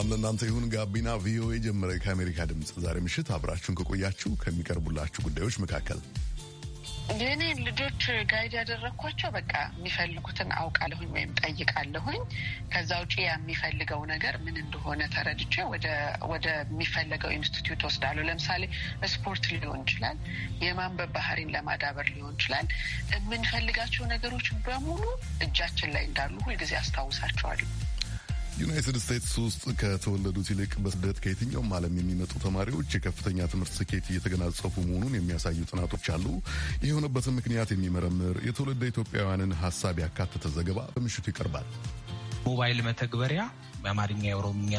ሰላም ለእናንተ ይሁን። ጋቢና ቪኦኤ ጀመረ። ከአሜሪካ ድምፅ ዛሬ ምሽት አብራችሁን ከቆያችሁ ከሚቀርቡላችሁ ጉዳዮች መካከል የእኔ ልጆች ጋይድ ያደረግኳቸው በቃ የሚፈልጉትን አውቃለሁኝ ወይም ጠይቃለሁኝ። ከዛ ውጭ የሚፈልገው ነገር ምን እንደሆነ ተረድቼ ወደ የሚፈለገው ኢንስቲትዩት ወስዳለሁ። ለምሳሌ ስፖርት ሊሆን ይችላል፣ የማንበብ ባህሪን ለማዳበር ሊሆን ይችላል። የምንፈልጋቸው ነገሮች በሙሉ እጃችን ላይ እንዳሉ ሁልጊዜ አስታውሳቸዋለሁ። ዩናይትድ ስቴትስ ውስጥ ከተወለዱት ይልቅ በስደት ከየትኛውም ዓለም የሚመጡ ተማሪዎች የከፍተኛ ትምህርት ስኬት እየተገናጸፉ መሆኑን የሚያሳዩ ጥናቶች አሉ። የሆነበትን ምክንያት የሚመረምር የትውልደ ኢትዮጵያውያንን ሀሳብ ያካተተ ዘገባ በምሽቱ ይቀርባል። ሞባይል መተግበሪያ በአማርኛ የኦሮምኛ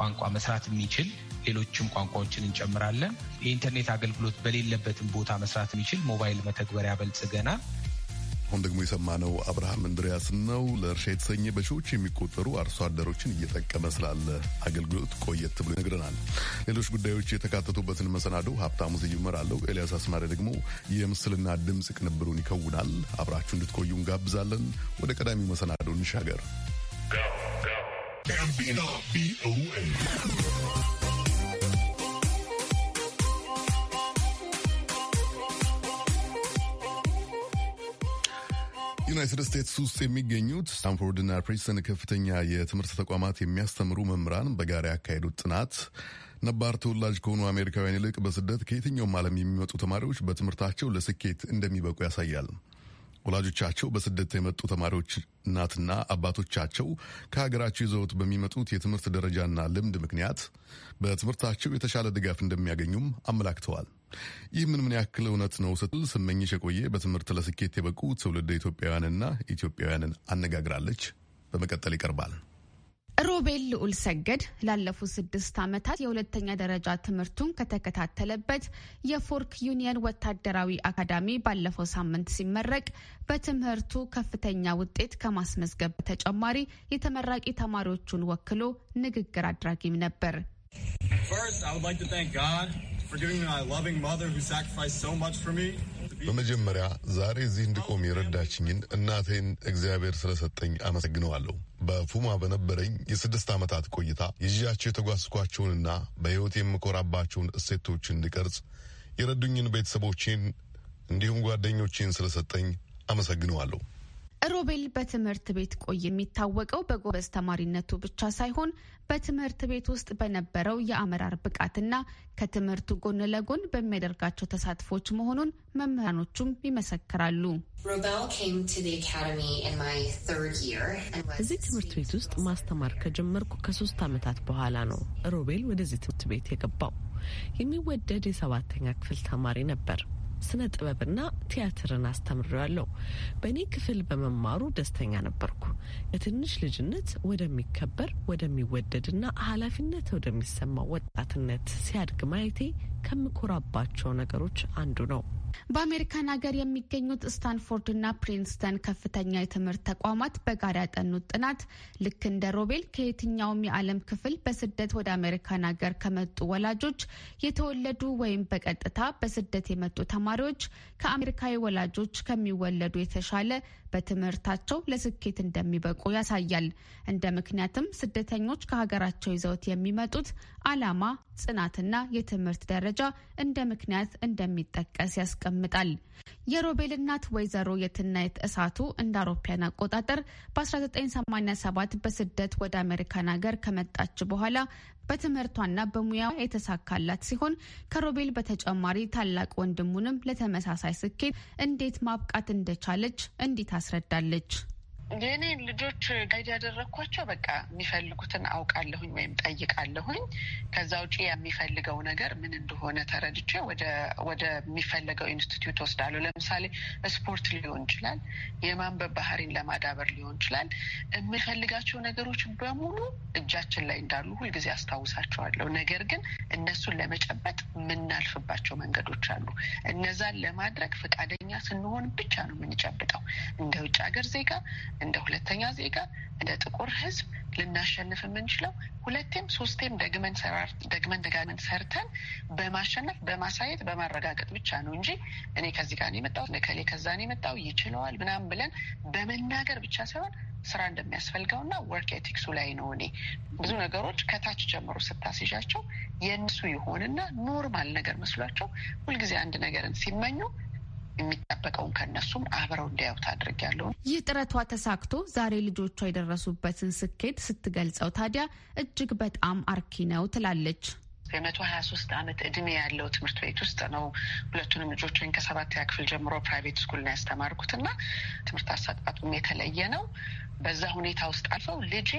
ቋንቋ መስራት የሚችል ሌሎችም ቋንቋዎችን እንጨምራለን። የኢንተርኔት አገልግሎት በሌለበትም ቦታ መስራት የሚችል ሞባይል መተግበሪያ በልጽገናል። አሁን ደግሞ የሰማነው አብርሃም እንድሪያስ ነው። ለእርሻ የተሰኘ በሺዎች የሚቆጠሩ አርሶ አደሮችን እየጠቀመ ስላለ አገልግሎት ቆየት ብሎ ይነግረናል። ሌሎች ጉዳዮች የተካተቱበትን መሰናዶ ሀብታሙ ስዩም አለው ኤልያስ አስማሪ ደግሞ የምስልና ድምፅ ቅንብሩን ይከውናል። አብራችሁ እንድትቆዩ እንጋብዛለን። ወደ ቀዳሚው መሰናዶ እንሻገር። ዩናይትድ ስቴትስ ውስጥ የሚገኙት ስታንፎርድና ፕሪንስተን ከፍተኛ የትምህርት ተቋማት የሚያስተምሩ መምህራን በጋራ ያካሄዱት ጥናት ነባር ተወላጅ ከሆኑ አሜሪካውያን ይልቅ በስደት ከየትኛውም ዓለም የሚመጡ ተማሪዎች በትምህርታቸው ለስኬት እንደሚበቁ ያሳያል። ወላጆቻቸው በስደት የመጡ ተማሪዎች እናትና አባቶቻቸው ከሀገራቸው ይዘውት በሚመጡት የትምህርት ደረጃና ልምድ ምክንያት በትምህርታቸው የተሻለ ድጋፍ እንደሚያገኙም አመላክተዋል። ይህ ምን ምን ያክል እውነት ነው ስትል ስመኝሽ የቆየ በትምህርት ለስኬት የበቁ ትውልደ ኢትዮጵያውያንና ኢትዮጵያውያንን አነጋግራለች። በመቀጠል ይቀርባል። ሮቤል ልዑል ሰገድ ላለፉት ስድስት ዓመታት የሁለተኛ ደረጃ ትምህርቱን ከተከታተለበት የፎርክ ዩኒየን ወታደራዊ አካዳሚ ባለፈው ሳምንት ሲመረቅ በትምህርቱ ከፍተኛ ውጤት ከማስመዝገብ በተጨማሪ የተመራቂ ተማሪዎቹን ወክሎ ንግግር አድራጊም ነበር። በመጀመሪያ ዛሬ እዚህ እንድቆም የረዳችኝን እናቴን እግዚአብሔር ስለሰጠኝ አመሰግነዋለሁ። በፉማ በነበረኝ የስድስት ዓመታት ቆይታ ይዣቸው የተጓዝኳቸውንና በሕይወት የምኮራባቸውን እሴቶች እንድቀርጽ የረዱኝን ቤተሰቦቼን እንዲሁም ጓደኞቼን ስለሰጠኝ አመሰግነዋለሁ። ሮቤል በትምህርት ቤት ቆይ የሚታወቀው በጎበዝ ተማሪነቱ ብቻ ሳይሆን በትምህርት ቤት ውስጥ በነበረው የአመራር ብቃትና ከትምህርቱ ጎን ለጎን በሚያደርጋቸው ተሳትፎች መሆኑን መምህራኖቹም ይመሰክራሉ። እዚህ ትምህርት ቤት ውስጥ ማስተማር ከጀመርኩ ከሶስት ዓመታት በኋላ ነው ሮቤል ወደዚህ ትምህርት ቤት የገባው። የሚወደድ የሰባተኛ ክፍል ተማሪ ነበር። ስነ ጥበብና ቲያትርን አስተምሬዋለሁ። በእኔ ክፍል በመማሩ ደስተኛ ነበርኩ። ከትንሽ ልጅነት ወደሚከበር ወደሚወደድና ኃላፊነት ወደሚሰማው ወጣትነት ሲያድግ ማየቴ ከምኮራባቸው ነገሮች አንዱ ነው። በአሜሪካን ሀገር የሚገኙት ስታንፎርድና ፕሪንስተን ከፍተኛ የትምህርት ተቋማት በጋራ ያጠኑት ጥናት ልክ እንደ ሮቤል ከየትኛውም የዓለም ክፍል በስደት ወደ አሜሪካን ሀገር ከመጡ ወላጆች የተወለዱ ወይም በቀጥታ በስደት የመጡ ተማሪዎች ከአሜሪካዊ ወላጆች ከሚወለዱ የተሻለ በትምህርታቸው ለስኬት እንደሚበቁ ያሳያል። እንደ ምክንያትም ስደተኞች ከሀገራቸው ይዘውት የሚመጡት ዓላማ፣ ጽናትና የትምህርት ደረጃ እንደ ምክንያት እንደሚጠቀስ ያስቀምጣል። የሮቤል እናት ወይዘሮ የትናየት እሳቱ እንደ አውሮፓውያን አቆጣጠር በ1987 በስደት ወደ አሜሪካን ሀገር ከመጣች በኋላ በትምህርቷና በሙያዋ የተሳካላት ሲሆን ከሮቤል በተጨማሪ ታላቅ ወንድሙንም ለተመሳሳይ ስኬት እንዴት ማብቃት እንደቻለች እንዲት አስረዳለች የእኔ ልጆች ጋይድ ያደረግኳቸው በቃ የሚፈልጉትን አውቃለሁኝ ወይም ጠይቃለሁኝ። ከዛ ውጭ የሚፈልገው ነገር ምን እንደሆነ ተረድቼ ወደ የሚፈለገው ኢንስቲትዩት ወስዳለሁ። ለምሳሌ ስፖርት ሊሆን ይችላል፣ የማንበብ ባህሪን ለማዳበር ሊሆን ይችላል። የምፈልጋቸው ነገሮች በሙሉ እጃችን ላይ እንዳሉ ሁልጊዜ አስታውሳቸዋለሁ። ነገር ግን እነሱን ለመጨበጥ የምናልፍባቸው መንገዶች አሉ። እነዛን ለማድረግ ፈቃደኛ ስንሆን ብቻ ነው የምንጨብጠው እንደ ውጭ ሀገር ዜጋ እንደ ሁለተኛ ዜጋ እንደ ጥቁር ህዝብ ልናሸንፍ የምንችለው ሁለቴም ሶስቴም ደግመን ደግመን ደጋግመን ሰርተን በማሸነፍ በማሳየት በማረጋገጥ ብቻ ነው እንጂ እኔ ከዚህ ጋር የመጣው ከሌ ከዛ የመጣው ይችለዋል ምናምን ብለን በመናገር ብቻ ሳይሆን ስራ እንደሚያስፈልገውና ወርክ ኤቲክሱ ላይ ነው። እኔ ብዙ ነገሮች ከታች ጀምሮ ስታስዣቸው የእነሱ የሆንና ኖርማል ነገር መስሏቸው ሁልጊዜ አንድ ነገርን ሲመኙ የሚጠበቀውን ከነሱም አብረው እንዲያዩ ታድርጊያለሁ። ይህ ጥረቷ ተሳክቶ ዛሬ ልጆቿ የደረሱበትን ስኬት ስትገልጸው ታዲያ እጅግ በጣም አርኪ ነው ትላለች። የመቶ ሀያ ሶስት አመት እድሜ ያለው ትምህርት ቤት ውስጥ ነው ሁለቱንም ወይም ከሰባት ክፍል ጀምሮ ፕራይቬት ስኩል ነው ያስተማርኩትና ትምህርት አሰጣጡም የተለየ ነው። በዛ ሁኔታ ውስጥ አልፈው ልጄ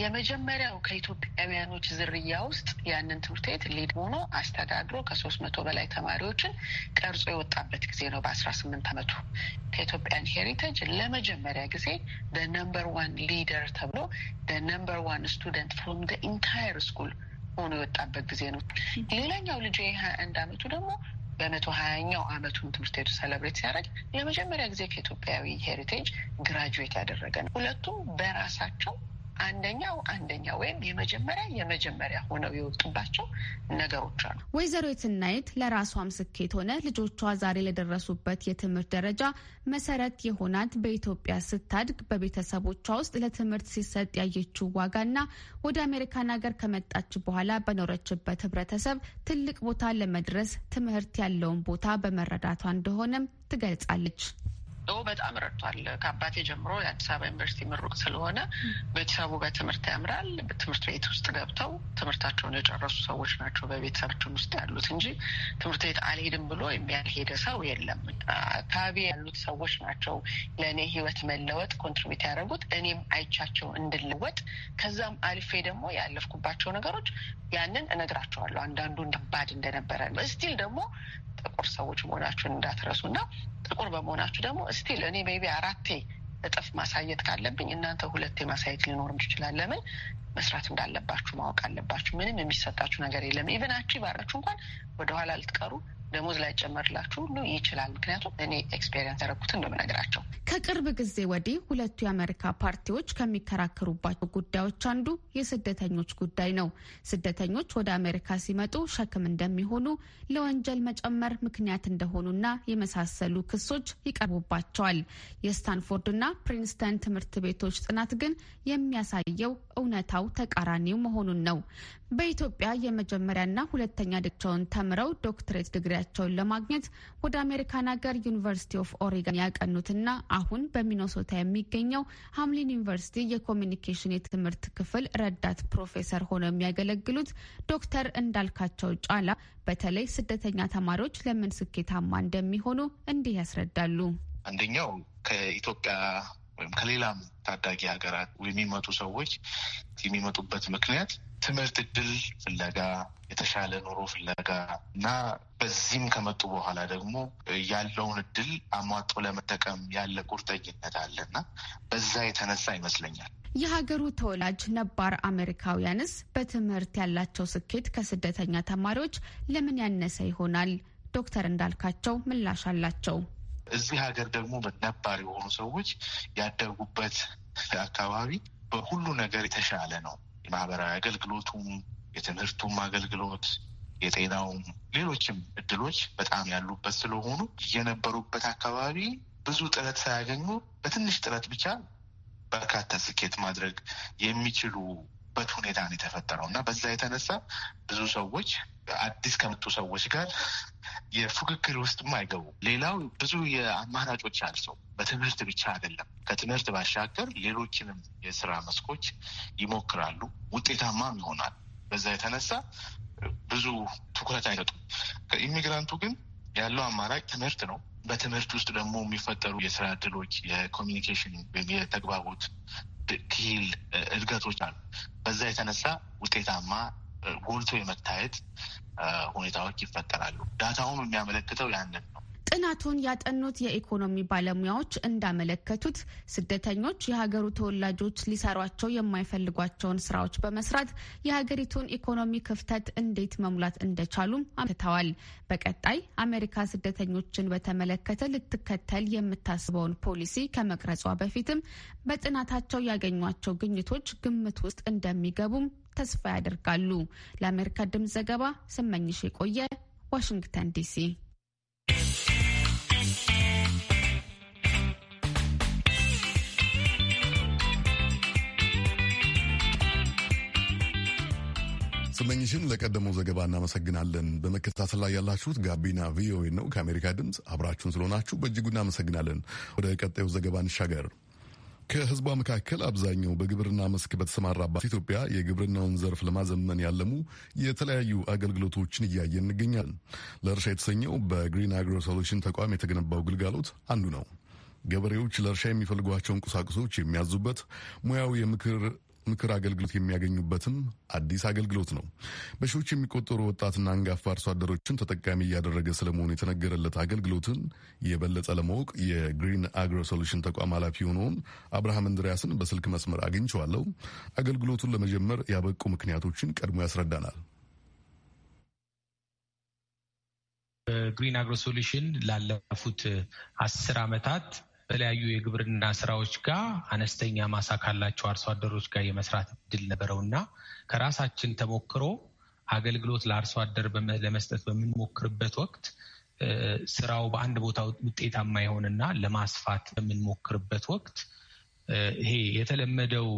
የመጀመሪያው ከኢትዮጵያውያኖች ዝርያ ውስጥ ያንን ትምህርት ቤት ሊድ ሆኖ አስተዳድሮ ከሶስት መቶ በላይ ተማሪዎችን ቀርጾ የወጣበት ጊዜ ነው። በአስራ ስምንት አመቱ ከኢትዮጵያን ሄሪቴጅ ለመጀመሪያ ጊዜ ነምበር ዋን ሊደር ተብሎ ነምበር ዋን ስቱደንት ፍሮም ኢንታየር ስኩል ሆኖ የወጣበት ጊዜ ነው። ሌላኛው ልጅ የሀያ አንድ አመቱ ደግሞ በመቶ ሀያኛው አመቱን ትምህርት ቤቱ ሰለብሬት ሲያደርግ ለመጀመሪያ ጊዜ ከኢትዮጵያዊ ሄሪቴጅ ግራጁዌት ያደረገ ነው። ሁለቱም በራሳቸው አንደኛው አንደኛ ወይም የመጀመሪያ የመጀመሪያ ሆነው የወጡባቸው ነገሮች አሉ። ወይዘሮ የትናየት ለራሷም ስኬት ሆነ ልጆቿ ዛሬ ለደረሱበት የትምህርት ደረጃ መሰረት የሆናት በኢትዮጵያ ስታድግ በቤተሰቦቿ ውስጥ ለትምህርት ሲሰጥ ያየችው ዋጋና ወደ አሜሪካን ሀገር ከመጣች በኋላ በኖረችበት ህብረተሰብ ትልቅ ቦታ ለመድረስ ትምህርት ያለውን ቦታ በመረዳቷ እንደሆነም ትገልጻለች። በጣም ረድቷል። ከአባቴ ጀምሮ የአዲስ አበባ ዩኒቨርሲቲ ምሩቅ ስለሆነ ቤተሰቡ በትምህርት ያምራል። ትምህርት ቤት ውስጥ ገብተው ትምህርታቸውን የጨረሱ ሰዎች ናቸው በቤተሰባችን ውስጥ ያሉት እንጂ ትምህርት ቤት አልሄድም ብሎ የሚያልሄደ ሰው የለም። አካባቢ ያሉት ሰዎች ናቸው ለእኔ ህይወት መለወጥ ኮንትሪቢዩት ያደረጉት እኔም አይቻቸው እንድለወጥ ከዛም አልፌ ደግሞ ያለፍኩባቸው ነገሮች ያንን እነግራቸዋለሁ። አንዳንዱ እንደባድ እንደነበረ ስቲል ደግሞ ጥቁር ሰዎች መሆናችሁን እንዳትረሱ እና ጥቁር በመሆናችሁ ደግሞ ስቲል እኔ ቤቢ አራቴ እጥፍ ማሳየት ካለብኝ እናንተ ሁለቴ ማሳየት ሊኖርም ይችላል። ለምን መስራት እንዳለባችሁ ማወቅ አለባችሁ። ምንም የሚሰጣችሁ ነገር የለም። ኢቨን አቺ ባረችሁ እንኳን ወደኋላ ልትቀሩ ደሞዝ ጨመርላችሁ ሁሉ ይችላል። ምክንያቱም እኔ ኤክስፔሪንስ ያደረኩት ነው ከቅርብ ጊዜ ወዲህ ሁለቱ የአሜሪካ ፓርቲዎች ከሚከራከሩባቸው ጉዳዮች አንዱ የስደተኞች ጉዳይ ነው። ስደተኞች ወደ አሜሪካ ሲመጡ ሸክም እንደሚሆኑ፣ ለወንጀል መጨመር ምክንያት እንደሆኑና የመሳሰሉ ክሶች ይቀርቡባቸዋል። የስታንፎርድና ፕሪንስተን ትምህርት ቤቶች ጥናት ግን የሚያሳየው እውነታው ተቃራኒው መሆኑን ነው። በኢትዮጵያ የመጀመሪያና ሁለተኛ ዲግሪያቸውን ተምረው ዶክትሬት ድግሪያቸውን ለማግኘት ወደ አሜሪካን ሀገር ዩኒቨርሲቲ ኦፍ ኦሪገን ያቀኑትና አሁን በሚኖሶታ የሚገኘው ሀምሊን ዩኒቨርሲቲ የኮሚኒኬሽን የትምህርት ክፍል ረዳት ፕሮፌሰር ሆነው የሚያገለግሉት ዶክተር እንዳልካቸው ጫላ በተለይ ስደተኛ ተማሪዎች ለምን ስኬታማ እንደሚሆኑ እንዲህ ያስረዳሉ። አንደኛው ከኢትዮጵያ ወይም ከሌላም ታዳጊ ሀገራት የሚመጡ ሰዎች የሚመጡበት ምክንያት ትምህርት እድል ፍለጋ የተሻለ ኑሮ ፍለጋ እና በዚህም ከመጡ በኋላ ደግሞ ያለውን እድል አሟጦ ለመጠቀም ያለ ቁርጠኝነት አለ እና በዛ የተነሳ ይመስለኛል የሀገሩ ተወላጅ ነባር አሜሪካውያንስ በትምህርት ያላቸው ስኬት ከስደተኛ ተማሪዎች ለምን ያነሰ ይሆናል? ዶክተር እንዳልካቸው ምላሽ አላቸው። እዚህ ሀገር ደግሞ ነባር የሆኑ ሰዎች ያደጉበት አካባቢ በሁሉ ነገር የተሻለ ነው። የማህበራዊ አገልግሎቱም፣ የትምህርቱም አገልግሎት፣ የጤናውም ሌሎችም እድሎች በጣም ያሉበት ስለሆኑ የነበሩበት አካባቢ ብዙ ጥረት ሳያገኙ በትንሽ ጥረት ብቻ በርካታ ስኬት ማድረግ የሚችሉበት ሁኔታ ነው የተፈጠረው እና በዛ የተነሳ ብዙ ሰዎች አዲስ ከመጡ ሰዎች ጋር የፉክክር ውስጥም አይገቡ። ሌላው ብዙ የአማራጮች አልሰው በትምህርት ብቻ አይደለም። ከትምህርት ባሻገር ሌሎችንም የስራ መስኮች ይሞክራሉ፣ ውጤታማም ይሆናል። በዛ የተነሳ ብዙ ትኩረት አይሰጡም። ከኢሚግራንቱ ግን ያለው አማራጭ ትምህርት ነው። በትምህርት ውስጥ ደግሞ የሚፈጠሩ የስራ እድሎች፣ የኮሚኒኬሽን ወይም የተግባቦት ክሂል እድገቶች አሉ። በዛ የተነሳ ውጤታማ ጎልቶ የመታየት ሁኔታዎች ይፈጠራሉ። ዳታውም የሚያመለክተው ያንን ነው። ጥናቱን ያጠኑት የኢኮኖሚ ባለሙያዎች እንዳመለከቱት ስደተኞች የሀገሩ ተወላጆች ሊሰሯቸው የማይፈልጓቸውን ስራዎች በመስራት የሀገሪቱን ኢኮኖሚ ክፍተት እንዴት መሙላት እንደቻሉም አመልክተዋል። በቀጣይ አሜሪካ ስደተኞችን በተመለከተ ልትከተል የምታስበውን ፖሊሲ ከመቅረጿ በፊትም በጥናታቸው ያገኟቸው ግኝቶች ግምት ውስጥ እንደሚገቡም ተስፋ ያደርጋሉ። ለአሜሪካ ድምፅ ዘገባ ስመኝሽ የቆየ ዋሽንግተን ዲሲ። ስመኝሽን ለቀደመው ዘገባ እናመሰግናለን። በመከታተል ላይ ያላችሁት ጋቢና ቪኦኤ ነው። ከአሜሪካ ድምፅ አብራችሁን ስለሆናችሁ በእጅጉ እናመሰግናለን። ወደ ቀጣዩ ዘገባ እንሻገር። ከህዝቧ መካከል አብዛኛው በግብርና መስክ በተሰማራባት ኢትዮጵያ የግብርናውን ዘርፍ ለማዘመን ያለሙ የተለያዩ አገልግሎቶችን እያየ እንገኛለን። ለእርሻ የተሰኘው በግሪን አግሮ ሶሉሽን ተቋም የተገነባው ግልጋሎት አንዱ ነው። ገበሬዎች ለእርሻ የሚፈልጓቸውን ቁሳቁሶች የሚያዙበት ሙያዊ የምክር ምክር አገልግሎት የሚያገኙበትም አዲስ አገልግሎት ነው። በሺዎች የሚቆጠሩ ወጣትና አንጋፋ አርሶ አደሮችን ተጠቃሚ እያደረገ ስለመሆኑ የተነገረለት አገልግሎትን የበለጠ ለማወቅ የግሪን አግሮ ሶሉሽን ተቋም ኃላፊ የሆነውን አብርሃም እንድሪያስን በስልክ መስመር አግኝቸዋለሁ። አገልግሎቱን ለመጀመር ያበቁ ምክንያቶችን ቀድሞ ያስረዳናል። ግሪን አግሮ ሶሉሽን ላለፉት አስር ዓመታት በተለያዩ የግብርና ስራዎች ጋር አነስተኛ ማሳ ካላቸው አርሶ አደሮች ጋር የመስራት እድል ነበረው እና ከራሳችን ተሞክሮ አገልግሎት ለአርሶ አደር ለመስጠት በምንሞክርበት ወቅት ስራው በአንድ ቦታ ውጤታማ የሆንና ለማስፋት በምንሞክርበት ወቅት ይሄ የተለመደው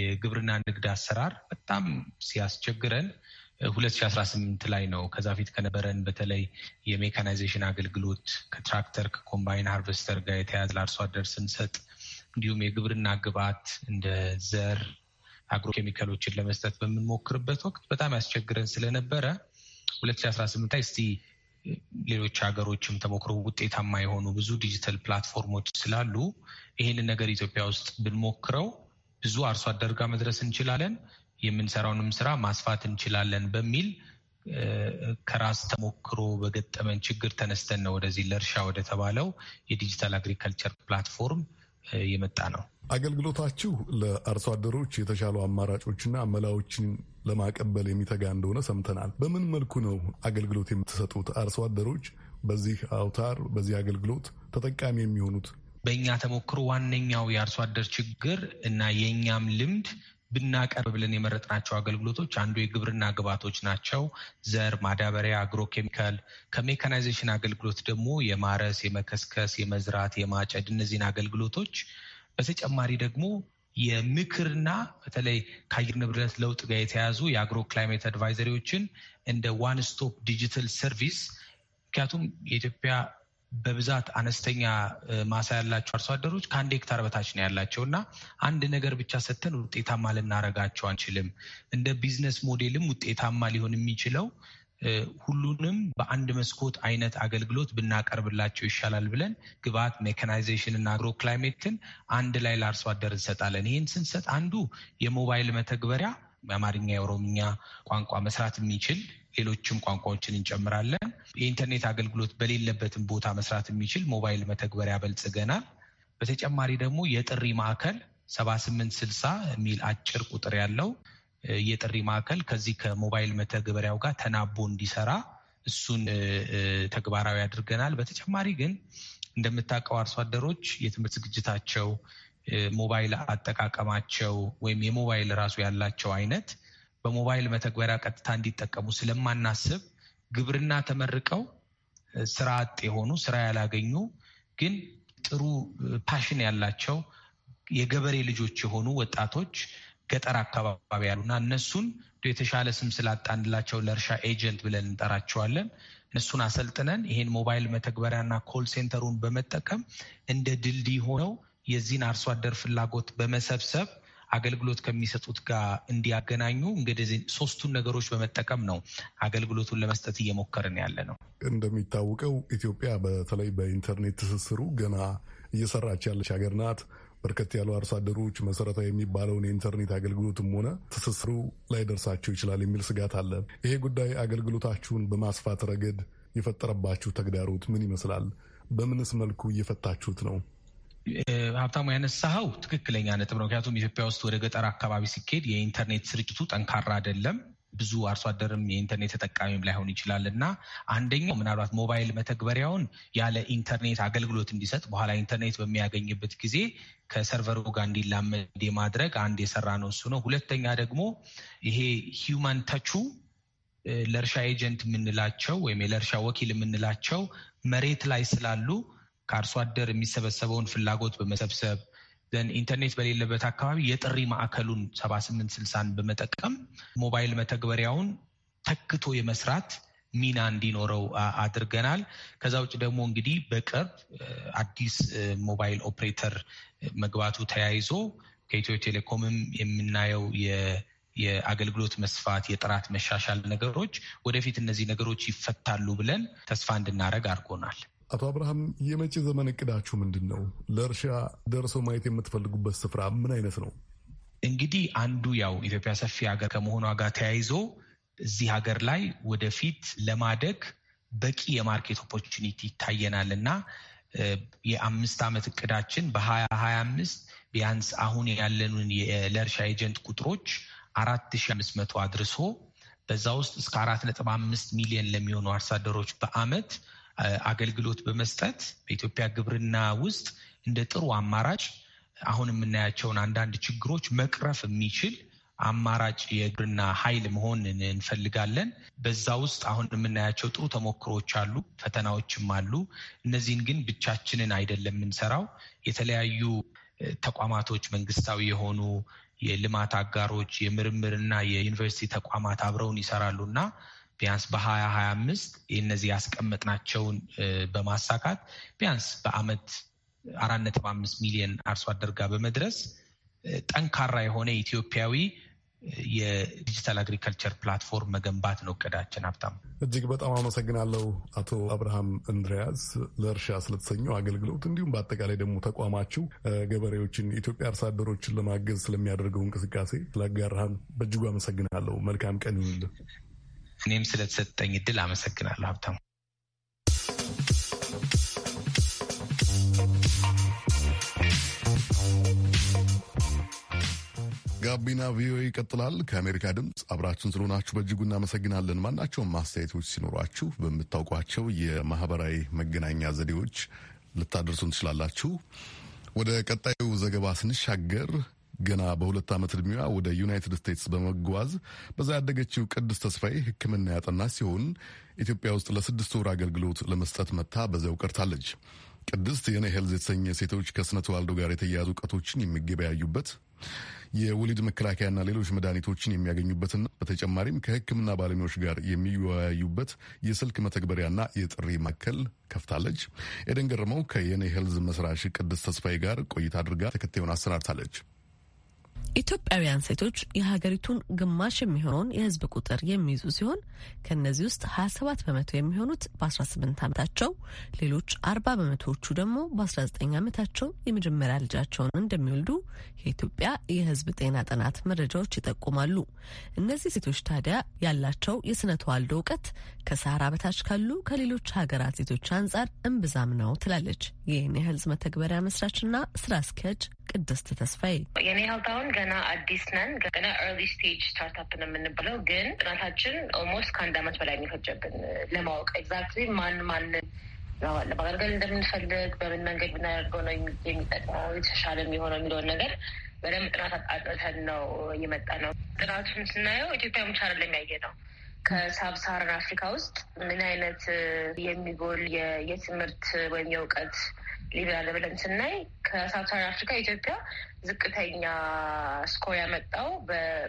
የግብርና ንግድ አሰራር በጣም ሲያስቸግረን 2018 ላይ ነው። ከዛ ፊት ከነበረን በተለይ የሜካናይዜሽን አገልግሎት ከትራክተር ከኮምባይን ሃርቨስተር ጋር የተያዝ ለአርሶ አደር ስንሰጥ እንዲሁም የግብርና ግብዓት እንደ ዘር አግሮ ኬሚካሎችን ለመስጠት በምንሞክርበት ወቅት በጣም ያስቸግረን ስለነበረ 2018 ላይ እስቲ ሌሎች ሀገሮችም ተሞክሮ ውጤታማ የሆኑ ብዙ ዲጂታል ፕላትፎርሞች ስላሉ ይህንን ነገር ኢትዮጵያ ውስጥ ብንሞክረው ብዙ አርሶ አደር ጋር መድረስ እንችላለን። የምንሰራውንም ስራ ማስፋት እንችላለን በሚል ከራስ ተሞክሮ በገጠመን ችግር ተነስተን ነው ወደዚህ ለእርሻ ወደተባለው የዲጂታል አግሪካልቸር ፕላትፎርም የመጣ ነው። አገልግሎታችሁ ለአርሶ አደሮች የተሻሉ አማራጮችና መላዎችን ለማቀበል የሚተጋ እንደሆነ ሰምተናል። በምን መልኩ ነው አገልግሎት የምትሰጡት? አርሶ አደሮች በዚህ አውታር በዚህ አገልግሎት ተጠቃሚ የሚሆኑት? በእኛ ተሞክሮ ዋነኛው የአርሶ አደር ችግር እና የእኛም ልምድ ብናቀርብ ብለን የመረጥናቸው አገልግሎቶች አንዱ የግብርና ግብዓቶች ናቸው። ዘር፣ ማዳበሪያ፣ አግሮ ኬሚካል። ከሜካናይዜሽን አገልግሎት ደግሞ የማረስ፣ የመከስከስ፣ የመዝራት፣ የማጨድ እነዚህን አገልግሎቶች በተጨማሪ ደግሞ የምክርና በተለይ ከአየር ንብረት ለውጥ ጋር የተያዙ የአግሮ ክላይሜት አድቫይዘሪዎችን እንደ ዋን ስቶፕ ዲጂታል ሰርቪስ ምክንያቱም የኢትዮጵያ በብዛት አነስተኛ ማሳ ያላቸው አርሶ አደሮች ከአንድ ሄክታር በታች ነው ያላቸው እና አንድ ነገር ብቻ ሰጥተን ውጤታማ ልናረጋቸው አንችልም። እንደ ቢዝነስ ሞዴልም ውጤታማ ሊሆን የሚችለው ሁሉንም በአንድ መስኮት አይነት አገልግሎት ብናቀርብላቸው ይሻላል ብለን ግብአት፣ ሜካናይዜሽን እና አግሮ ክላይሜትን አንድ ላይ ለአርሶ አደር እንሰጣለን። ይህን ስንሰጥ አንዱ የሞባይል መተግበሪያ በአማርኛ የኦሮምኛ ቋንቋ መስራት የሚችል ሌሎችም ቋንቋዎችን እንጨምራለን። የኢንተርኔት አገልግሎት በሌለበትም ቦታ መስራት የሚችል ሞባይል መተግበሪያ በልጽገናል። በተጨማሪ ደግሞ የጥሪ ማዕከል ሰባ ስምንት ስልሳ የሚል አጭር ቁጥር ያለው የጥሪ ማዕከል ከዚህ ከሞባይል መተግበሪያው ጋር ተናቦ እንዲሰራ እሱን ተግባራዊ አድርገናል። በተጨማሪ ግን እንደምታውቀው አርሶ አደሮች የትምህርት ዝግጅታቸው፣ ሞባይል አጠቃቀማቸው ወይም የሞባይል ራሱ ያላቸው አይነት በሞባይል መተግበሪያ ቀጥታ እንዲጠቀሙ ስለማናስብ ግብርና ተመርቀው ስራ አጥ የሆኑ ስራ ያላገኙ ግን ጥሩ ፓሽን ያላቸው የገበሬ ልጆች የሆኑ ወጣቶች ገጠር አካባቢ ያሉና እነሱን የተሻለ ስም ስላጣንላቸው ለእርሻ ኤጀንት ብለን እንጠራቸዋለን። እነሱን አሰልጥነን ይሄን ሞባይል መተግበሪያና ኮል ሴንተሩን በመጠቀም እንደ ድልድይ ሆነው የዚህን አርሶ አደር ፍላጎት በመሰብሰብ አገልግሎት ከሚሰጡት ጋር እንዲያገናኙ እንግዲህ ሶስቱን ነገሮች በመጠቀም ነው አገልግሎቱን ለመስጠት እየሞከርን ያለ ነው። እንደሚታወቀው ኢትዮጵያ በተለይ በኢንተርኔት ትስስሩ ገና እየሰራች ያለች ሀገር ናት። በርከት ያሉ አርሶ አደሮች መሰረታዊ የሚባለውን የኢንተርኔት አገልግሎትም ሆነ ትስስሩ ላይደርሳቸው ይችላል የሚል ስጋት አለ። ይሄ ጉዳይ አገልግሎታችሁን በማስፋት ረገድ የፈጠረባችሁ ተግዳሮት ምን ይመስላል? በምንስ መልኩ እየፈታችሁት ነው? ሀብታሙ ያነሳኸው ትክክለኛ ነጥብ ነው። ምክንያቱም ኢትዮጵያ ውስጥ ወደ ገጠር አካባቢ ሲካሄድ የኢንተርኔት ስርጭቱ ጠንካራ አይደለም። ብዙ አርሶ አደርም የኢንተርኔት ተጠቃሚም ላይሆን ይችላል እና አንደኛው ምናልባት ሞባይል መተግበሪያውን ያለ ኢንተርኔት አገልግሎት እንዲሰጥ በኋላ ኢንተርኔት በሚያገኝበት ጊዜ ከሰርቨሩ ጋር እንዲላመድ የማድረግ አንድ የሰራ ነው እሱ ነው። ሁለተኛ ደግሞ ይሄ ሂውማን ተቹ ለእርሻ ኤጀንት የምንላቸው ወይም ለእርሻ ወኪል የምንላቸው መሬት ላይ ስላሉ ከአርሶ አደር የሚሰበሰበውን ፍላጎት በመሰብሰብ ዘን ኢንተርኔት በሌለበት አካባቢ የጥሪ ማዕከሉን ሰባ ስምንት ስልሳን በመጠቀም ሞባይል መተግበሪያውን ተክቶ የመስራት ሚና እንዲኖረው አድርገናል። ከዛ ውጭ ደግሞ እንግዲህ በቅርብ አዲስ ሞባይል ኦፕሬተር መግባቱ ተያይዞ ከኢትዮ ቴሌኮምም የምናየው የአገልግሎት መስፋት፣ የጥራት መሻሻል ነገሮች ወደፊት እነዚህ ነገሮች ይፈታሉ ብለን ተስፋ እንድናደርግ አድርጎናል። አቶ አብርሃም የመጪ ዘመን እቅዳችሁ ምንድን ነው? ለእርሻ ደርሶ ማየት የምትፈልጉበት ስፍራ ምን አይነት ነው? እንግዲህ አንዱ ያው ኢትዮጵያ ሰፊ ሀገር ከመሆኗ ጋር ተያይዞ እዚህ ሀገር ላይ ወደፊት ለማደግ በቂ የማርኬት ኦፖርቹኒቲ ይታየናል እና የአምስት ዓመት እቅዳችን በሀያ ሀያ አምስት ቢያንስ አሁን ያለንን ለእርሻ ኤጀንት ቁጥሮች አራት ሺ አምስት መቶ አድርሶ በዛ ውስጥ እስከ አራት ነጥብ አምስት ሚሊዮን ለሚሆኑ አርሶ አደሮች በአመት አገልግሎት በመስጠት በኢትዮጵያ ግብርና ውስጥ እንደ ጥሩ አማራጭ አሁን የምናያቸውን አንዳንድ ችግሮች መቅረፍ የሚችል አማራጭ የግብርና ኃይል መሆን እንፈልጋለን። በዛ ውስጥ አሁን የምናያቸው ጥሩ ተሞክሮዎች አሉ፣ ፈተናዎችም አሉ። እነዚህን ግን ብቻችንን አይደለም የምንሰራው። የተለያዩ ተቋማቶች መንግስታዊ የሆኑ የልማት አጋሮች፣ የምርምርና የዩኒቨርሲቲ ተቋማት አብረውን ይሰራሉ እና ቢያንስ በ 2025 አምስት እነዚህ ያስቀመጥናቸውን በማሳካት ቢያንስ በአመት አራት ነጥብ አምስት ሚሊዮን አርሶ አደር ጋር በመድረስ ጠንካራ የሆነ ኢትዮጵያዊ የዲጂታል አግሪካልቸር ፕላትፎርም መገንባት ነው እቅዳችን። ሀብታም እጅግ በጣም አመሰግናለሁ አቶ አብርሃም እንድሪያስ ለእርሻ ስለተሰኘው አገልግሎት እንዲሁም በአጠቃላይ ደግሞ ተቋማችሁ ገበሬዎችን፣ የኢትዮጵያ አርሶ አደሮችን ለማገዝ ስለሚያደርገው እንቅስቃሴ ስላጋርሃን በእጅጉ አመሰግናለሁ። መልካም ቀን ይሁንልን። እኔም ስለተሰጠኝ እድል አመሰግናለሁ ሀብታሙ። ጋቢና ቪኦኤ ይቀጥላል። ከአሜሪካ ድምፅ አብራችን ስለሆናችሁ በእጅጉ እናመሰግናለን። ማናቸውም ማስተያየቶች ሲኖሯችሁ በምታውቋቸው የማህበራዊ መገናኛ ዘዴዎች ልታደርሱን ትችላላችሁ። ወደ ቀጣዩ ዘገባ ስንሻገር ገና በሁለት ዓመት ዕድሜዋ ወደ ዩናይትድ ስቴትስ በመጓዝ በዛ ያደገችው ቅድስት ተስፋዬ ሕክምና ያጠና ሲሆን ኢትዮጵያ ውስጥ ለስድስት ወር አገልግሎት ለመስጠት መጥታ በዚያው ቀርታለች። ቅድስት የኔ ሄልዝ የተሰኘ ሴቶች ከስነ ተዋልዶ ጋር የተያያዙ እውቀቶችን የሚገበያዩበት የወሊድ መከላከያና ሌሎች መድኃኒቶችን የሚያገኙበትና በተጨማሪም ከህክምና ባለሙያዎች ጋር የሚወያዩበት የስልክ መተግበሪያና የጥሪ ማዕከል ከፍታለች። ኤደን ገርመው ከየኔ ሄልዝ መስራች ቅድስት ተስፋዬ ጋር ቆይታ አድርጋ ተከታዩን አሰናድታለች። ኢትዮጵያውያን ሴቶች የሀገሪቱን ግማሽ የሚሆነውን የህዝብ ቁጥር የሚይዙ ሲሆን ከእነዚህ ውስጥ 27 በመቶ የሚሆኑት በ18 ዓመታቸው፣ ሌሎች 40 በመቶዎቹ ደግሞ በ19 ዓመታቸው የመጀመሪያ ልጃቸውን እንደሚወልዱ የኢትዮጵያ የህዝብ ጤና ጥናት መረጃዎች ይጠቁማሉ። እነዚህ ሴቶች ታዲያ ያላቸው የስነ ተዋልዶ እውቀት ከሰሃራ በታች ካሉ ከሌሎች ሀገራት ሴቶች አንጻር እምብዛም ነው ትላለች። ይህን የህልዝ መተግበሪያ መስራችና ስራ አስኪያጅ ቅድስት ተስፋዬ የኔ ሄልት ገና አዲስ ነን። ገና ኤርሊ ስቴጅ ስታርታፕ ነው የምንብለው፣ ግን ጥናታችን ኦልሞስት ከአንድ አመት በላይ የሚፈጀብን ለማወቅ ኤግዛክትሊ ማን ማን ለማገልገል እንደምንፈልግ በምን መንገድ ብናደርገው ነው የሚጠቅመው የተሻለ የሚሆነው የሚለውን ነገር በደንብ ጥናት አጣጥተን ነው እየመጣ ነው። ጥናቱን ስናየው ኢትዮጵያ ብቻ አይደለም ያየ ነው። ከሳብሳሃራን አፍሪካ ውስጥ ምን አይነት የሚጎል የትምህርት ወይም የእውቀት ሊቢያ ብለን ስናይ ከሳብሳር አፍሪካ ኢትዮጵያ ዝቅተኛ ስኮር ያመጣው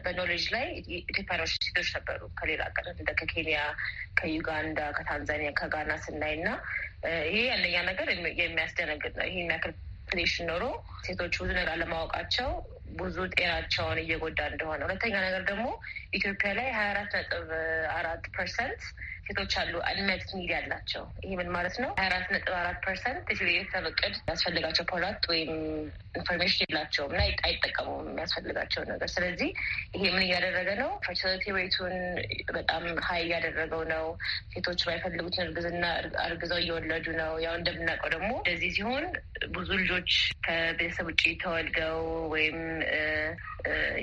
በኖሌጅ ላይ ኢትዮጵያኖች ሴቶች ነበሩ። ከሌላ ቀን እንደ ከኬንያ፣ ከዩጋንዳ፣ ከታንዛኒያ፣ ከጋና ስናይ እና ይሄ አንደኛ ነገር የሚያስደነግጥ ነው። ይህ የሚያክል ፕሌሽን ኖሮ ሴቶች ብዙ ነገር አለማወቃቸው ብዙ ጤናቸውን እየጎዳ እንደሆነ፣ ሁለተኛ ነገር ደግሞ ኢትዮጵያ ላይ ሀያ አራት ነጥብ አራት ፐርሰንት ሴቶች አሉ አንሜት ኒድ ያላቸው። ይህ ምን ማለት ነው? ሀያ አራት ነጥብ አራት ፐርሰንት የቤተሰብ እቅድ ያስፈልጋቸው ፕሮዳክት ወይም ኢንፎርሜሽን የላቸውም እና አይጠቀሙም የሚያስፈልጋቸው ነገር። ስለዚህ ይሄ ምን እያደረገ ነው? ፈርቲሊቲ ሬቱን በጣም ሀይ እያደረገው ነው። ሴቶች ባይፈልጉትን እርግዝና አርግዘው እየወለዱ ነው። ያው እንደምናውቀው ደግሞ እንደዚህ ሲሆን ብዙ ልጆች ከቤተሰብ ውጭ ተወልደው ወይም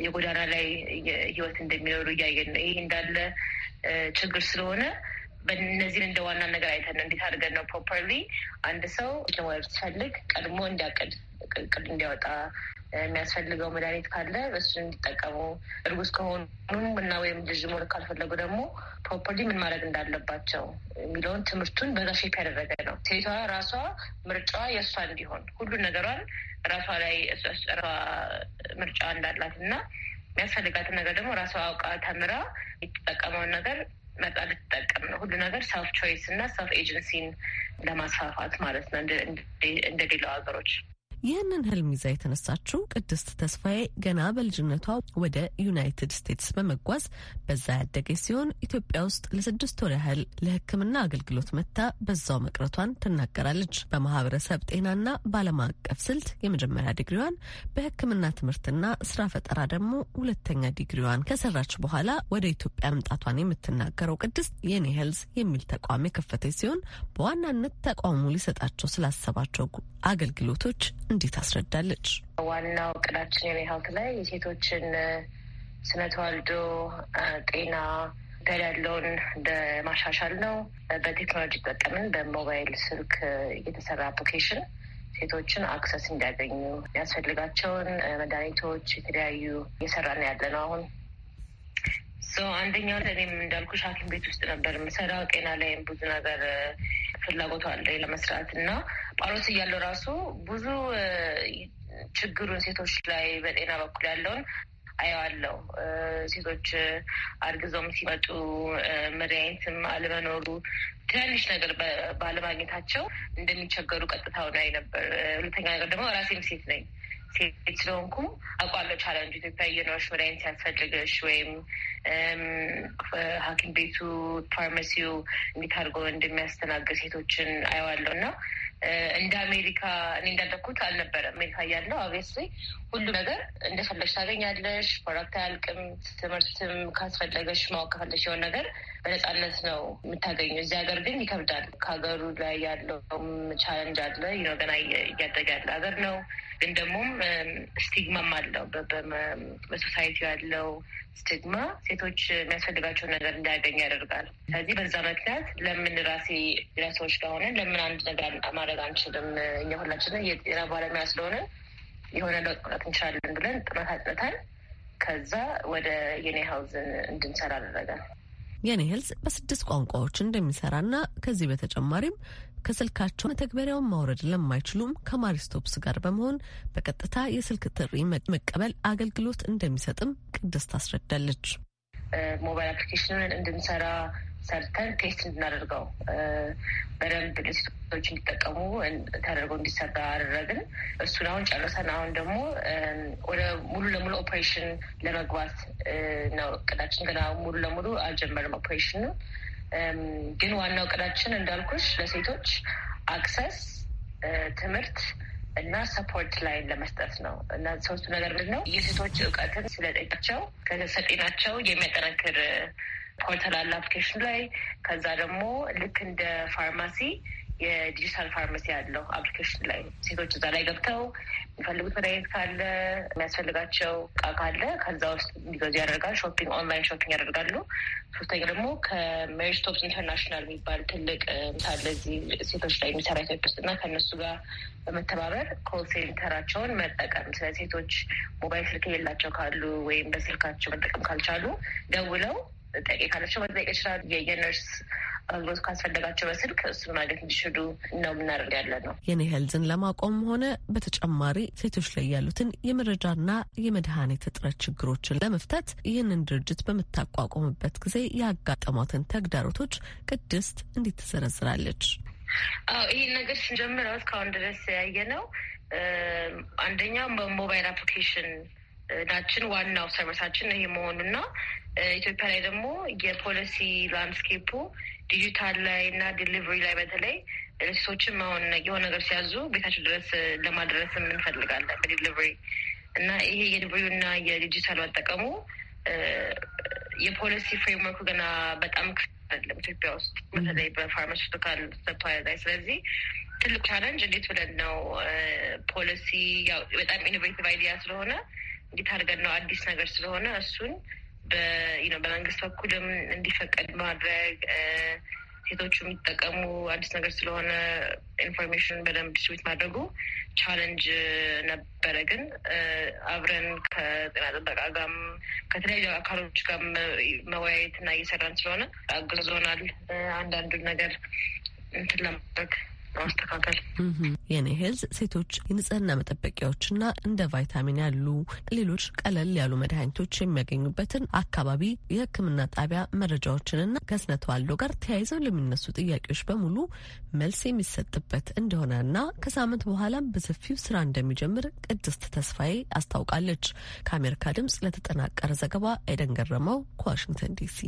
የጎዳና ላይ ህይወት እንደሚኖሩ ነገሩ እያየን ነው። ይህ እንዳለ ችግር ስለሆነ በእነዚህን እንደ ዋና ነገር አይተን እንዴት አድርገን ነው ፕሮፐርሊ አንድ ሰው ለማለት ሲፈልግ ቀድሞ እንዲያቅድ ቅድ እንዲያወጣ የሚያስፈልገው መድኃኒት ካለ እሱን እንዲጠቀሙ፣ እርጉዝ ከሆኑ እና ወይም ልጅ መውለድ ካልፈለጉ ደግሞ ፕሮፐርሊ ምን ማድረግ እንዳለባቸው የሚለውን ትምህርቱን በዛ ሼፕ ያደረገ ነው። ሴቷ ራሷ ምርጫዋ የእሷ እንዲሆን ሁሉ ነገሯን ራሷ ላይ ራሷ ምርጫ እንዳላት እና የሚያስፈልጋትን ነገር ደግሞ ራሷ አውቃ ተምራ የተጠቀመውን ነገር መጣ ልትጠቀም ነው። ሁሉ ነገር ሰልፍ ቾይስ እና ሰልፍ ኤጀንሲን ለማስፋፋት ማለት ነው እንደሌላው ሀገሮች ይህንን ህልም ይዛ የተነሳችው ቅድስት ተስፋዬ ገና በልጅነቷ ወደ ዩናይትድ ስቴትስ በመጓዝ በዛ ያደገች ሲሆን ኢትዮጵያ ውስጥ ለስድስት ወር ያህል ለሕክምና አገልግሎት መጥታ በዛው መቅረቷን ትናገራለች። በማህበረሰብ ጤናና በዓለም አቀፍ ስልት የመጀመሪያ ዲግሪዋን በሕክምና ትምህርትና ስራ ፈጠራ ደግሞ ሁለተኛ ዲግሪዋን ከሰራች በኋላ ወደ ኢትዮጵያ መምጣቷን የምትናገረው ቅድስት የኔ ሄልዝ የሚል ተቋም የከፈተች ሲሆን በዋናነት ተቋሙ ሊሰጣቸው ስላሰባቸው አገልግሎቶች እንዲህ ታስረዳለች። ዋናው እቅዳችን የኔ ሀልት ላይ የሴቶችን ስነ ተዋልዶ ጤና ገል ያለውን ማሻሻል ነው። በቴክኖሎጂ ጠቀምን በሞባይል ስልክ የተሰራ አፕሊኬሽን ሴቶችን አክሰስ እንዲያገኙ ያስፈልጋቸውን መድኃኒቶች የተለያዩ እየሰራ ነው ያለ ነው አሁን አንደኛው እኔም እንዳልኩሽ ሐኪም ቤት ውስጥ ነበር የምሰራው። ጤና ላይም ብዙ ነገር ፍላጎቱ አለ ለመስራት እና ጳውሎስ እያለው ራሱ ብዙ ችግሩን ሴቶች ላይ በጤና በኩል ያለውን አየዋለው። ሴቶች አርግዘውም ሲመጡ መድኃኒትም አለመኖሩ ትንንሽ ነገር ባለማግኘታቸው እንደሚቸገሩ ቀጥታውን አይ ነበር። ሁለተኛ ነገር ደግሞ ራሴም ሴት ነኝ። ሴት ስለሆንኩ አውቃለሁ። ቻለንጅ ኢትዮጵያ እየኖርሽ መድኃኒት ያስፈልግሽ ወይም ሐኪም ቤቱ ፋርማሲው እንዴት አድርጎ እንደሚያስተናግድ ሴቶችን አየዋለው እና እንደ አሜሪካ እኔ እንዳደኩት አልነበረም። አሜሪካ እያለሁ አቤስ ሁሉ ነገር እንደፈለግሽ ታገኛለሽ። ፕሮዳክት አያልቅም። ትምህርትም ካስፈለገሽ ማወቅ ከፈለግሽ የሆነ ነገር በነፃነት ነው የምታገኙ። እዚህ ሀገር ግን ይከብዳል። ከሀገሩ ላይ ያለውም ቻለንጅ አለ። ገና እያደገ ያለ ሀገር ነው። ግን ደግሞም ስቲግማም አለው። በሶሳይቲ ያለው ስቲግማ ሴቶች የሚያስፈልጋቸው ነገር እንዳያገኝ ያደርጋል። ስለዚህ በዛ ምክንያት ለምን ራሴ ሌላ ሰዎች ከሆነ ለምን አንድ ነገር ማድረግ አንችልም? እኛ ሁላችንም የጤና ባለሙያ ስለሆነ የሆነ ለውጥ መውጣት እንችላለን ብለን ጥረት አጥነታል። ከዛ ወደ የኔ ሀውዝን እንድንሰራ አደረገ። የኔ ሄልዝ በስድስት ቋንቋዎች እንደሚሰራና ከዚህ በተጨማሪም ከስልካቸው መተግበሪያውን ማውረድ ለማይችሉም ከማሪስቶፕስ ጋር በመሆን በቀጥታ የስልክ ጥሪ መቀበል አገልግሎት እንደሚሰጥም ቅድስት ታስረዳለች። ሞባይል አፕሊኬሽንን እንድንሰራ ሰርተን ቴስት እንድናደርገው በደንብ ለሴቶች እንዲጠቀሙ ተደርገው እንዲሰራ አደረግን። እሱን አሁን ጨርሰን አሁን ደግሞ ወደ ሙሉ ለሙሉ ኦፕሬሽን ለመግባት ነው እቅዳችን። ገና ሙሉ ለሙሉ አልጀመርም ኦፕሬሽን ግን ዋናው እቅዳችን እንዳልኩሽ ለሴቶች አክሰስ፣ ትምህርት እና ሰፖርት ላይን ለመስጠት ነው። እና ሶስቱ ነገር ምንድን ነው የሴቶች እውቀትን ስለጤናቸው ከሰጤናቸው የሚያጠናክር ፖርታል አፕሊኬሽን ላይ ከዛ ደግሞ ልክ እንደ ፋርማሲ የዲጂታል ፋርማሲ ያለው አፕሊኬሽን ላይ ሴቶች እዛ ላይ ገብተው የሚፈልጉት መድኃኒት ካለ የሚያስፈልጋቸው እቃ ካለ ከዛ ውስጥ እንዲገዙ ያደርጋል። ሾፒንግ ኦንላይን ሾፒንግ ያደርጋሉ። ሶስተኛ ደግሞ ከሜሪ ኢንተርናሽናል የሚባል ትልቅ ምሳለ እዚህ ሴቶች ላይ የሚሰራ ኢትዮጵያ ውስጥ እና ከእነሱ ጋር በመተባበር ኮል ሴንተራቸውን መጠቀም ስለ ሴቶች ሞባይል ስልክ የሌላቸው ካሉ ወይም በስልካቸው መጠቀም ካልቻሉ ደውለው ጥያቄ ካላቸው መጠየቅ ይችላል። የየነርስ አገልግሎት ካስፈለጋቸው በስልክ እሱን ማግኘት እንዲችሉ ነው የምናደርግ ያለ ነው። የኔ የኔሄልዝን ለማቆም ሆነ በተጨማሪ ሴቶች ላይ ያሉትን የመረጃና የመድኃኒት እጥረት ችግሮችን ለመፍታት ይህንን ድርጅት በምታቋቋምበት ጊዜ ያጋጠሟትን ተግዳሮቶች ቅድስት እንዲት ትዘረዝራለች። አዎ ይህን ነገር ስንጀምረው እስካሁን ድረስ ያየ ነው። አንደኛውም በሞባይል አፕሊኬሽን ናችን ዋናው ሰርቪሳችን ይሄ መሆኑና ኢትዮጵያ ላይ ደግሞ የፖሊሲ ላንድስኬፑ ዲጂታል ላይ እና ዲሊቨሪ ላይ በተለይ ሶችን መሆን የሆነ ነገር ሲያዙ ቤታቸው ድረስ ለማድረስ እንፈልጋለን በዲሊቨሪ እና ይሄ የዲሊቨሪ እና የዲጂታል መጠቀሙ የፖሊሲ ፍሬምወርኩ ገና በጣም ክፍለም ኢትዮጵያ ውስጥ በተለይ በፋርማሲቲካል ሰፕላይ ላይ ስለዚህ ትልቅ ቻለንጅ እንዴት ብለን ነው ፖሊሲ በጣም ኢኖቬቲቭ አይዲያ ስለሆነ እየታረገ ነው። አዲስ ነገር ስለሆነ እሱን በመንግስት በኩልም እንዲፈቀድ ማድረግ ሴቶቹ የሚጠቀሙ አዲስ ነገር ስለሆነ ኢንፎርሜሽን በደንብ ዲስትሪት ማድረጉ ቻለንጅ ነበረ። ግን አብረን ከጤና ጥበቃ ጋም ከተለያዩ አካሎች ጋር መወያየት እና እየሰራን ስለሆነ አግዞናል አንዳንዱን ነገር እንትን ለማድረግ ማስተካከል። የኔ ህልዝ ሴቶች የንጽህና መጠበቂያዎችና እንደ ቫይታሚን ያሉ ሌሎች ቀለል ያሉ መድኃኒቶች የሚያገኙበትን አካባቢ የህክምና ጣቢያ መረጃዎችንና ከስነ ተዋልዶ ጋር ተያይዘው ለሚነሱ ጥያቄዎች በሙሉ መልስ የሚሰጥበት እንደሆነና ከሳምንት በኋላም በሰፊው ስራ እንደሚጀምር ቅድስት ተስፋዬ አስታውቃለች። ከአሜሪካ ድምጽ ለተጠናቀረ ዘገባ አይደን ገረመው ከዋሽንግተን ዲሲ።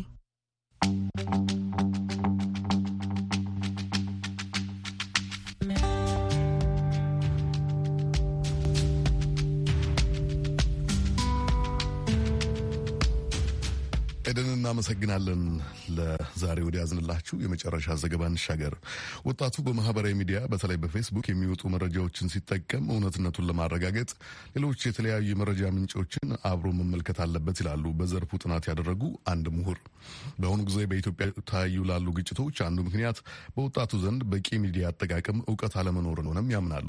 እናመሰግናለን። ለዛሬ ወደ ያዝንላችሁ የመጨረሻ ዘገባ እንሻገር። ወጣቱ በማህበራዊ ሚዲያ በተለይ በፌስቡክ የሚወጡ መረጃዎችን ሲጠቀም እውነትነቱን ለማረጋገጥ ሌሎች የተለያዩ የመረጃ ምንጮችን አብሮ መመልከት አለበት ይላሉ በዘርፉ ጥናት ያደረጉ አንድ ምሁር። በአሁኑ ጊዜ በኢትዮጵያ ታዩ ላሉ ግጭቶች አንዱ ምክንያት በወጣቱ ዘንድ በቂ ሚዲያ አጠቃቀም እውቀት አለመኖር እንደሆነም ያምናሉ።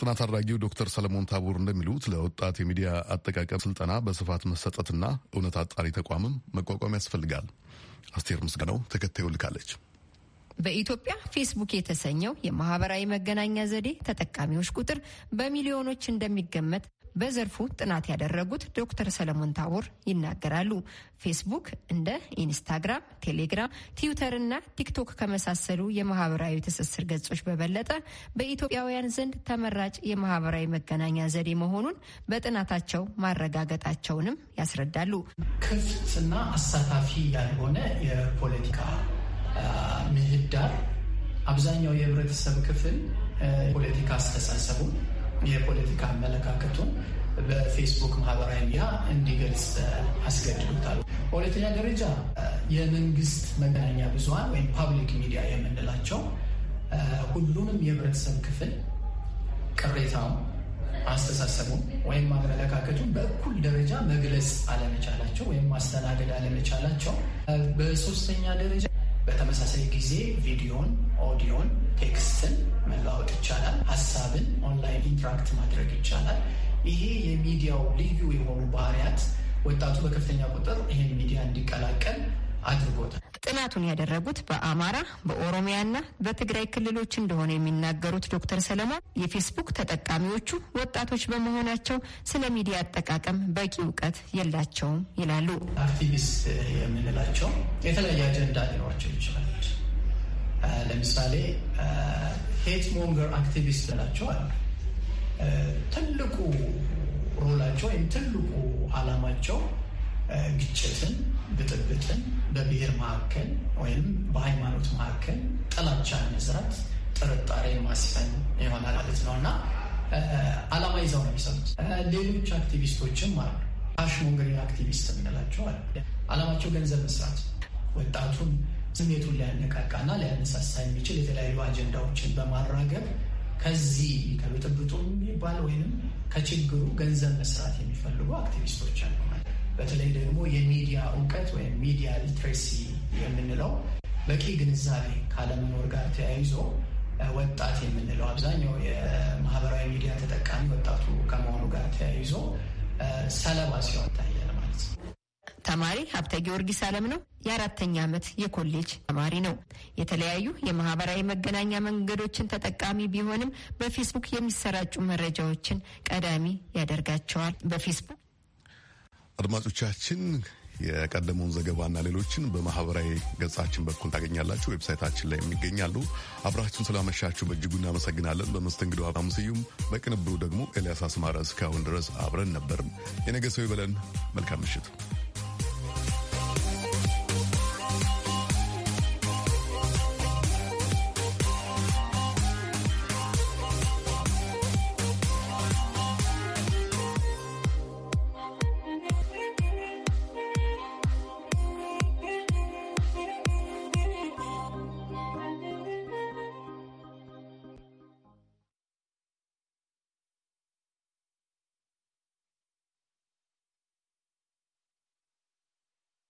ጥናት አድራጊው ዶክተር ሰለሞን ታቡር እንደሚሉት ለወጣት የሚዲያ አጠቃቀም ስልጠና በስፋት መሰጠትና እውነት አጣሪ ተቋምም መቋቋም ያስፈልጋል። አስቴር ምስጋናው ተከታዩ ልካለች። በኢትዮጵያ ፌስቡክ የተሰኘው የማህበራዊ መገናኛ ዘዴ ተጠቃሚዎች ቁጥር በሚሊዮኖች እንደሚገመት በዘርፉ ጥናት ያደረጉት ዶክተር ሰለሞን ታቦር ይናገራሉ። ፌስቡክ እንደ ኢንስታግራም፣ ቴሌግራም፣ ትዊተር እና ቲክቶክ ከመሳሰሉ የማህበራዊ ትስስር ገጾች በበለጠ በኢትዮጵያውያን ዘንድ ተመራጭ የማህበራዊ መገናኛ ዘዴ መሆኑን በጥናታቸው ማረጋገጣቸውንም ያስረዳሉ። ክፍትና አሳታፊ ያልሆነ የፖለቲካ ምህዳር አብዛኛው የህብረተሰብ ክፍል ፖለቲካ አስተሳሰቡን የፖለቲካ አመለካከቱን በፌስቡክ ማህበራዊ ሚዲያ እንዲገልጽ አስገድዱታል። በሁለተኛ ደረጃ የመንግስት መገናኛ ብዙሀን ወይም ፓብሊክ ሚዲያ የምንላቸው ሁሉንም የህብረተሰብ ክፍል ቅሬታውን፣ አስተሳሰቡን ወይም አመለካከቱን በእኩል ደረጃ መግለጽ አለመቻላቸው ወይም ማስተናገድ አለመቻላቸው፣ በሶስተኛ ደረጃ በተመሳሳይ ጊዜ ቪዲዮን፣ ኦዲዮን፣ ቴክስትን መለዋወጥ ይቻላል። ሀሳብን ኦንላይን ኢንተራክት ማድረግ ይቻላል። ይሄ የሚዲያው ልዩ የሆኑ ባህሪያት ወጣቱ በከፍተኛ ቁጥር ይህን ሚዲያ እንዲቀላቀል አድርጎታል። ጥናቱን ያደረጉት በአማራ በኦሮሚያና በትግራይ ክልሎች እንደሆነ የሚናገሩት ዶክተር ሰለሞን የፌስቡክ ተጠቃሚዎቹ ወጣቶች በመሆናቸው ስለ ሚዲያ አጠቃቀም በቂ እውቀት የላቸውም ይላሉ። አክቲቪስት የምንላቸው የተለያየ አጀንዳ ሊኖራቸው ይችላል። ለምሳሌ ሄት ሞንገር አክቲቪስት ላቸው አሉ። ትልቁ ሮላቸው ወይም ትልቁ አላማቸው ግጭትን፣ ብጥብጥን በብሔር መካከል ወይም በሃይማኖት መካከል ጥላቻ መስራት ጥርጣሬ ማስፈን የሆነ ማለት ነው እና አላማ ይዘው ነው የሚሰሩት። ሌሎች አክቲቪስቶችም አሉ። አሽሞንግሪ አክቲቪስት የምንላቸው አሉ። አላማቸው ገንዘብ መስራት፣ ወጣቱን ስሜቱን ሊያነቃቃና ሊያነሳሳ የሚችል የተለያዩ አጀንዳዎችን በማራገብ ከዚህ ከብጥብጡ የሚባል ወይም ከችግሩ ገንዘብ መስራት የሚፈልጉ አክቲቪስቶች አሉ። በተለይ ደግሞ የሚዲያ እውቀት ወይም ሚዲያ ሊትሬሲ የምንለው በቂ ግንዛቤ ካለመኖር ጋር ተያይዞ ወጣት የምንለው አብዛኛው የማህበራዊ ሚዲያ ተጠቃሚ ወጣቱ ከመሆኑ ጋር ተያይዞ ሰለባ ሲሆን ታያል ማለት ነው። ተማሪ ሀብተ ጊዮርጊስ አለም ነው። የአራተኛ ዓመት የኮሌጅ ተማሪ ነው። የተለያዩ የማህበራዊ መገናኛ መንገዶችን ተጠቃሚ ቢሆንም በፌስቡክ የሚሰራጩ መረጃዎችን ቀዳሚ ያደርጋቸዋል። በፌስቡክ አድማጮቻችን የቀደመውን ዘገባና ሌሎችን በማህበራዊ ገጻችን በኩል ታገኛላችሁ። ዌብሳይታችን ላይ የሚገኛሉ። አብራችን ስላመሻችሁ በእጅጉ እናመሰግናለን። በመስተንግዶ ሀብታሙ ስዩም፣ በቅንብሩ ደግሞ ኤልያስ አስማረ። እስካሁን ድረስ አብረን ነበርም። የነገ ሰው ይበለን። መልካም ምሽት።